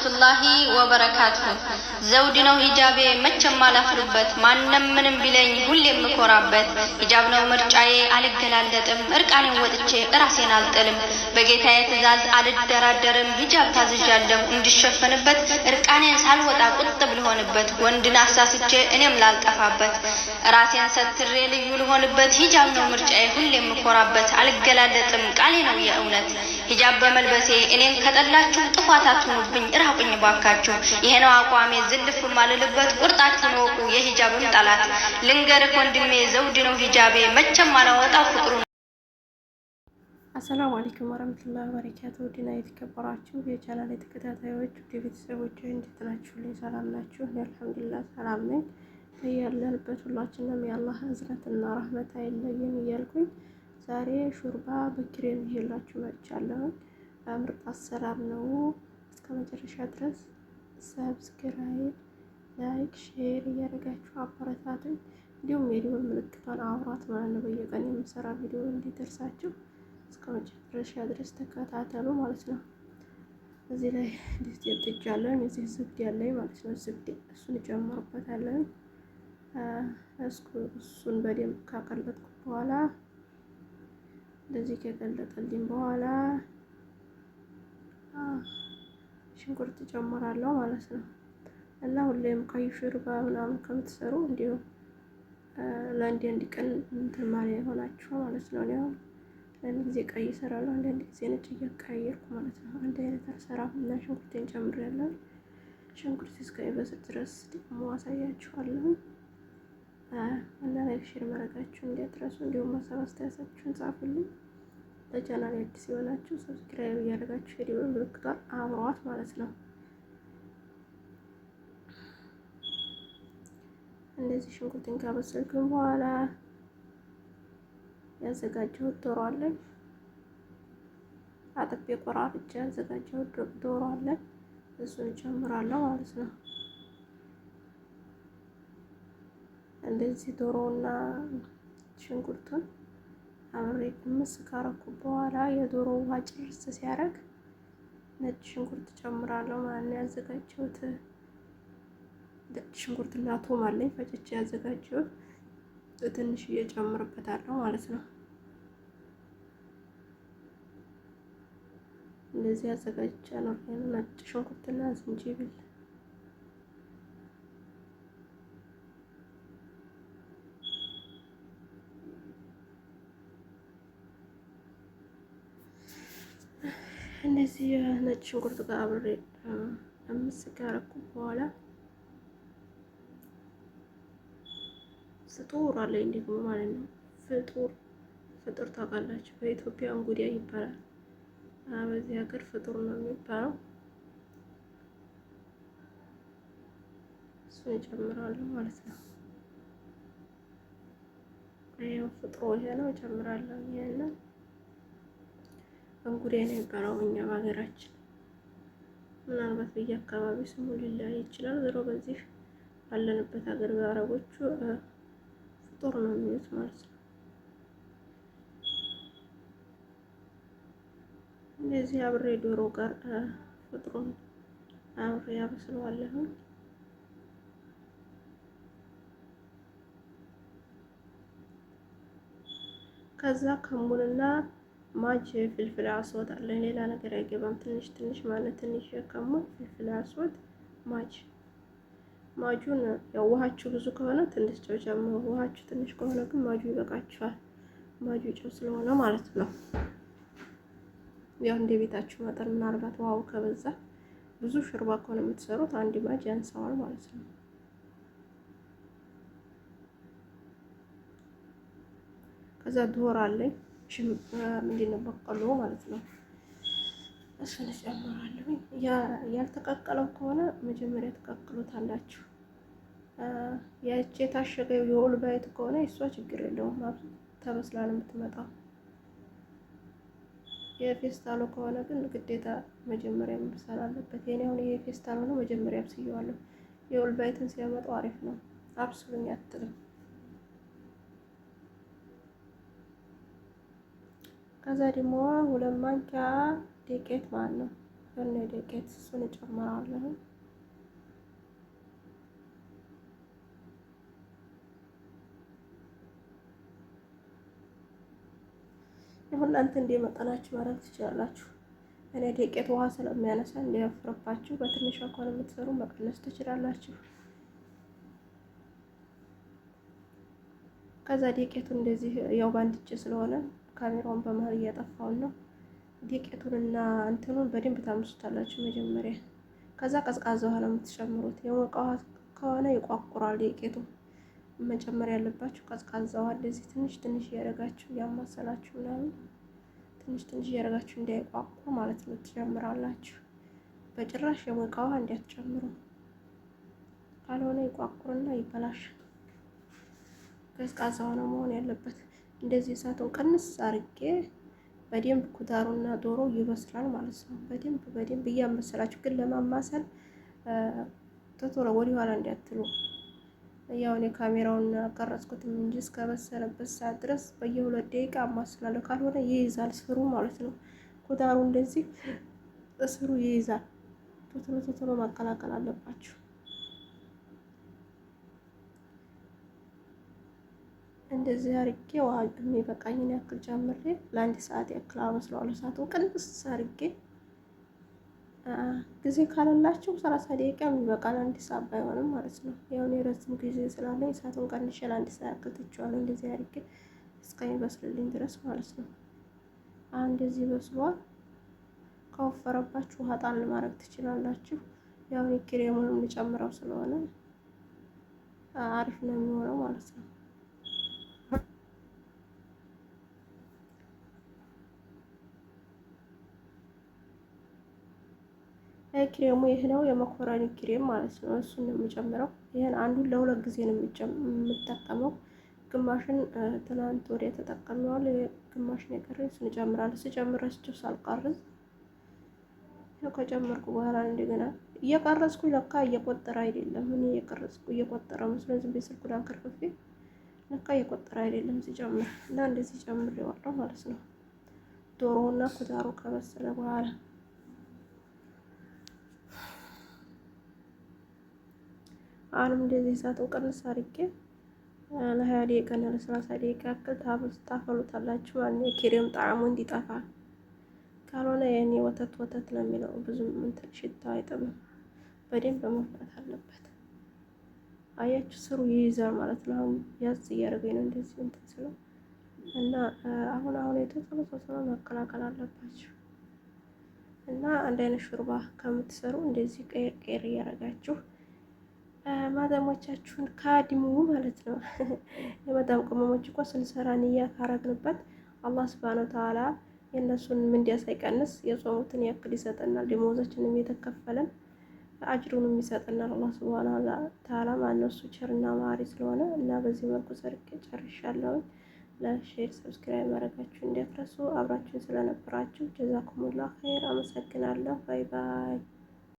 ወረሕመቱላሂ ወበረካቱ። ዘውድ ነው ሂጃቤ መቼም አላፍርበት፣ ማንም ምንም ቢለኝ ሁሌ የምኮራበት። ሂጃብ ነው ምርጫዬ አልገላለጥም፣ እርቃኔን ወጥቼ እራሴን አልጥልም። በጌታዬ ትእዛዝ አልደራደርም፣ ሂጃብ ታዝዣለሁ እንዲሸፈንበት። እርቃኔን ሳልወጣ ቁጥብ ልሆንበት፣ ወንድን አሳስቼ እኔም ላልጠፋበት። ራሴን ሰትሬ ልዩ ልሆንበት፣ ሂጃብ ነው ምርጫዬ ሁሌ የምኮራበት። አልገላለጥም ቃሌ ነው የእውነት ሂጃብ በመልበሴ እኔን ከጠላችሁ ጥፋት አትኑብኝ፣ እራቁኝ ባካችሁ። ይሄ ነው አቋሜ፣ ዝልፍ ማልልበት ቁርጣችሁን ወቁ። የሂጃብም ጠላት ልንገርህ ወንድሜ፣ ዘውድ ነው ሂጃቤ፣ መቼም አላወጣው ፍቅሩ አሰላሙ አለይኩም ወረህመቱላሂ ወበረካቱ። ውድና የተከበራችሁ የቻናል ተከታታዮች ውድ ቤተሰቦች እንዴት ናችሁ? ልኝ ሰላም ናችሁ? አልሐምዱሊላህ ሰላም ነኝ። ያለንበት ሁላችንም የአላህ እዝነትና ረህመት አይለየን እያልኩኝ ዛሬ ሹርባ በክሬም ይዤላችሁ መጥቻለሁ። በምርጥ አሰራር ነው። እስከ መጨረሻ ድረስ ሰብስክራይብ፣ ላይክ፣ ሼር እያደረጋችሁ አበረታትን። እንዲሁም የደወል ምልክቷን አብሯት ማለት ነው። በየቀን የምሰራ ቪዲዮ እንዲደርሳችሁ እስከ መጨረሻ ድረስ ተከታተሉ ማለት ነው። እዚህ ላይ ድስት ጥጃለሁኝ። እዚህ ዝብድ ያለኝ ማለት ነው። ዝብድ እሱን እጨምርበታለሁኝ። እሱን በደንብ ካቀለጥኩ በኋላ እንደዚህ ከቀለጠልኝ በኋላ ሽንኩርት ጨምራለሁ ማለት ነው። እና ሁሌም ቀይ ሹርባ ምናምን ከምትሰሩ እንዲሁ ለአንድ አንድ ቀን እንትን ማለት የሆናችሁ ማለት ነው። እኔ ለአንድ ጊዜ ቀይ እሰራለሁ፣ አንዳንድ ጊዜ ነጭ እያቀያየርኩ ማለት ነው። አንድ አይነት አልሰራም እና ሽንኩርቴን ጨምሬያለሁ። ሽንኩርት እስከ ይበስል ድረስ ደግሞ አሳያችኋለሁ። እና ላይክ ሼር ማድረጋችሁ እንዲያትረሱ እንዲሁም ሀሳብ አስተያየታችሁን ጻፉልኝ። በቻናል አዲስ የሆናችሁ ሰብስክራይብ እያደረጋችሁ ቪዲዮ ምልክቷል አብሯት ማለት ነው። እንደዚህ ሽንኩርትን ካበሰልኩኝ በኋላ ያዘጋጀሁት ዶሮ አለን። አጥቤ ቆራርጬ ያዘጋጀሁት ዶሮ አለን። እሱን ጨምራለሁ ማለት ነው። እንደዚህ ዶሮና ሽንኩርቱን አብሬ ቅምስ ካረኩ በኋላ የዶሮ ውሃ ጭርስ ሲያደርግ ነጭ ሽንኩርት ጨምራለሁ ማለት ነው። ያዘጋጀሁት ነጭ ሽንኩርትና ቶም አለኝ ፈጭቼ ያዘጋጀሁት ትንሽ እየጨምርበታለሁ ማለት ነው። እንደዚህ አዘጋጅቼ ነው ነጭ ሽንኩርትና ዝንጅብል እነዚህ ነጭ ሽንኩርት ጋር አብሬ አምስት ካረኩ በኋላ ፍጡር አለኝ ደግሞ ማለት ነው። ፍጡር ፍጡር ታውቃላችሁ? በኢትዮጵያ እንጉዳይ ይባላል። በዚህ ሀገር ፍጡር ነው የሚባለው። እሱን እጨምራለሁ ማለት ነው። ይኸው ፍጡር ይሄ ነው እጨምራለሁ ይሄንን እንጉዳይ ነው የቀረው እኛ በሀገራችን። ምናልባት በየ አካባቢ ስሙ ሊለያይ ይችላል። ዞሮ በዚህ ባለንበት ሀገር በአረቦቹ ፍጡር ነው የሚሉት ማለት ነው። እንደዚህ አብሬ ዶሮ ጋር ፍጥሩን አብሬ ያበስለዋለሁ። ከዛ ከሙንና ማጅ ፍልፍል አስወት አለ ሌላ ነገር አይገባም። ትንሽ ትንሽ ማለት ትንሽ ከሞ ፍልፍል አስወት ማጅ ማጁን ያው ውሃችሁ ብዙ ከሆነ ትንሽ ጨው ጨምሩ። ውሃችሁ ትንሽ ከሆነ ግን ማጁ ይበቃችኋል። ማጁ ጨው ስለሆነ ማለት ነው። ያው እንደ ቤታችሁ መጠን ምናልባት ውሃው ከበዛ ብዙ ሾርባ ከሆነ የምትሰሩት አንድ ማጅ ያንሰዋል ማለት ነው። ከዛ ዶሮ አለኝ ምንድነው በቆሎ ማለት ነው። እሱን እጨምራለሁ። ያልተቀቀለው ከሆነ መጀመሪያ ተቀቅሎታላችሁ። ያቺ የታሸገ የወል ከሆነ እሷ ችግር የለውም ተበስላል የምትመጣው። የፌስታሉ ከሆነ ግን ግዴታ መጀመሪያ መብሰል አለበት። የኔ አሁን የፌስታሉ ነው መጀመሪያ አብስየዋለሁ። የወል ሲያመጣው አሪፍ ነው። አብስሉኝ አትልም ከዛ ደግሞ ሁለት ማንኪያ ዱቄት ማለት ነው። እነ ዱቄት እሱን እጨምራለሁ። እናንተ እንደ መጠናችሁ ማድረግ ትችላላችሁ። እኔ ዱቄት ውሃ ስለሚያነሳ እንዲያፍርባችሁ በትንሽ እንኳን የምትሰሩ መቀነስ ትችላላችሁ። ከዛ ዱቄቱ እንደዚህ ያው ባንድጭ ስለሆነ ካሜራውን በመሀል እያጠፋውን ነው። ዱቄቱንና እንትኑን በደንብ ታምሱታላችሁ መጀመሪያ። ከዛ ቀዝቃዛ ውሃ ነው የምትጨምሩት። የሞቀ ውሃ ከሆነ ይቋቁራል ዱቄቱ። መጨመር ያለባችሁ ቀዝቃዛ ውሃ እንደዚህ ትንሽ ትንሽ እያደረጋችሁ እያማሰላችሁ ምናምን ትንሽ ትንሽ እያደረጋችሁ እንዳይቋቁር ማለት ነው ትጨምራላችሁ። በጭራሽ የሞቀ ውሃ እንዳትጨምሩ፣ ካልሆነ ይቋቁርና ይበላሽ ቀዝቃዛ ነው መሆን ያለበት። እንደዚህ ሳተው ቀንስ አርጌ በደንብ ኩታሩና ዶሮ ይበስላል ማለት ነው። በደንብ በደንብ እያመሰላችሁ ግን ለማማሰል ተቶሎ ወደ ኋላ እንዲያትሉ ያው እኔ ካሜራውን ቀረጽኩትም እንጂ እስከበሰለበት ሰዓት ድረስ በየሁለት ደቂቃ አማስላለሁ። ካልሆነ ይይዛል ስሩ ማለት ነው። ኩታሩ እንደዚህ ስሩ ይይዛል። ተቶሎ ተቶሎ ማቀላቀል አለባችሁ። እንደዚህ አርጌ ውሃ የሚበቃኝን ያክል ጨምሬ ለአንድ ሰዓት ያክል አበስለዋለሁ። ሰዓቱን ቅንጥስ አርጌ ጊዜ ካለላችሁ ሰላሳ ደቂቃ የሚበቃ ለአንድ ሰዓት ባይሆንም ማለት ነው። ያሁን የረዝም ጊዜ ስላለኝ ሰዓቱን ቀንሼ ለአንድ ሰዓት ያክል ትቼዋለሁ። እንደዚህ አርጌ እስከሚበስልልኝ ድረስ ማለት ነው። እንደዚህ በስሏል። ከወፈረባችሁ ውሃ ጣል ማድረግ ትችላላችሁ። ያሁን ክሬሙንም ልጨምረው ስለሆነ አሪፍ ነው የሚሆነው ማለት ነው። ክሬሙ ይህ ነው የመኮረኒ ክሬም ማለት ነው። እሱን ነው የምጨምረው። ይህን አንዱን ለሁለት ጊዜ ነው የምጠቀመው። ግማሽን ትናንት ወዲያ ተጠቀመዋል፣ ግማሽን የቀረ እሱን እጨምራለሁ። ስጨምር ረስቼው ሳልቀርዝ ከጨመርኩ በኋላ እንደገና እየቀረጽኩ ለካ እየቆጠረ አይደለም። እኔ እየቀረጽኩ እየቆጠረ መስሎኝ ዝም ብዬ ስልኩን አንከርፍፌ ለካ እየቆጠረ አይደለም ሲጨምር እና እንደዚህ ጨምሬዋለሁ ማለት ነው። ዶሮውና ኩታሩ ከበሰለ በኋላ አሁንም እንደዚህ እሳቱ ቀንስ አድርጌ ለሀያ ደቂቃ እና ለሰላሳ ደቂቃ ያክል ታፈሉታላችሁ። ያኔ ክሬም ጣዕሙ እንዲጠፋ ካልሆነ ያኔ ወተት ወተት ለሚለው ብዙም እንትን ሽታ አይጥምም። በደንብ በመፍላት አለበት። አያችሁ ስሩ ይይዛል ማለት ነው። አሁን ያዝ እያደረገኝ ነው እንደዚህ እንትን ስለው እና አሁን አሁን የተወሰነ ተወሰነ መቀላቀል አለባችሁ እና አንድ አይነት ሹርባ ከምትሰሩ እንደዚህ ቀይር ቀይር እያደረጋችሁ ማዳሞቻችሁን ካድሙ ማለት ነው። የመዳም ቅመሞች እኮ ስንሰራን ንያ ካረግንበት አላህ ስብሃነ ወተዓላ የእነሱን ምንዲያ ሳይቀንስ የጾሙትን ያክል ይሰጠናል። ደሞዛችንም የተከፈለን አጅሩንም ይሰጠናል አላህ ስብሃነ ወተዓላ ማነሱ ቸርና ማሪ ስለሆነ እና በዚህ መልኩ ሰርቅ ጨርሻለሁ። ለሼር ሰብስክራይብ ማድረጋችሁ እንዲያፍረሱ አብራችሁን ስለነበራችሁ ጀዛኩሙላ ኸይር አመሰግናለሁ። ባይ ባይ።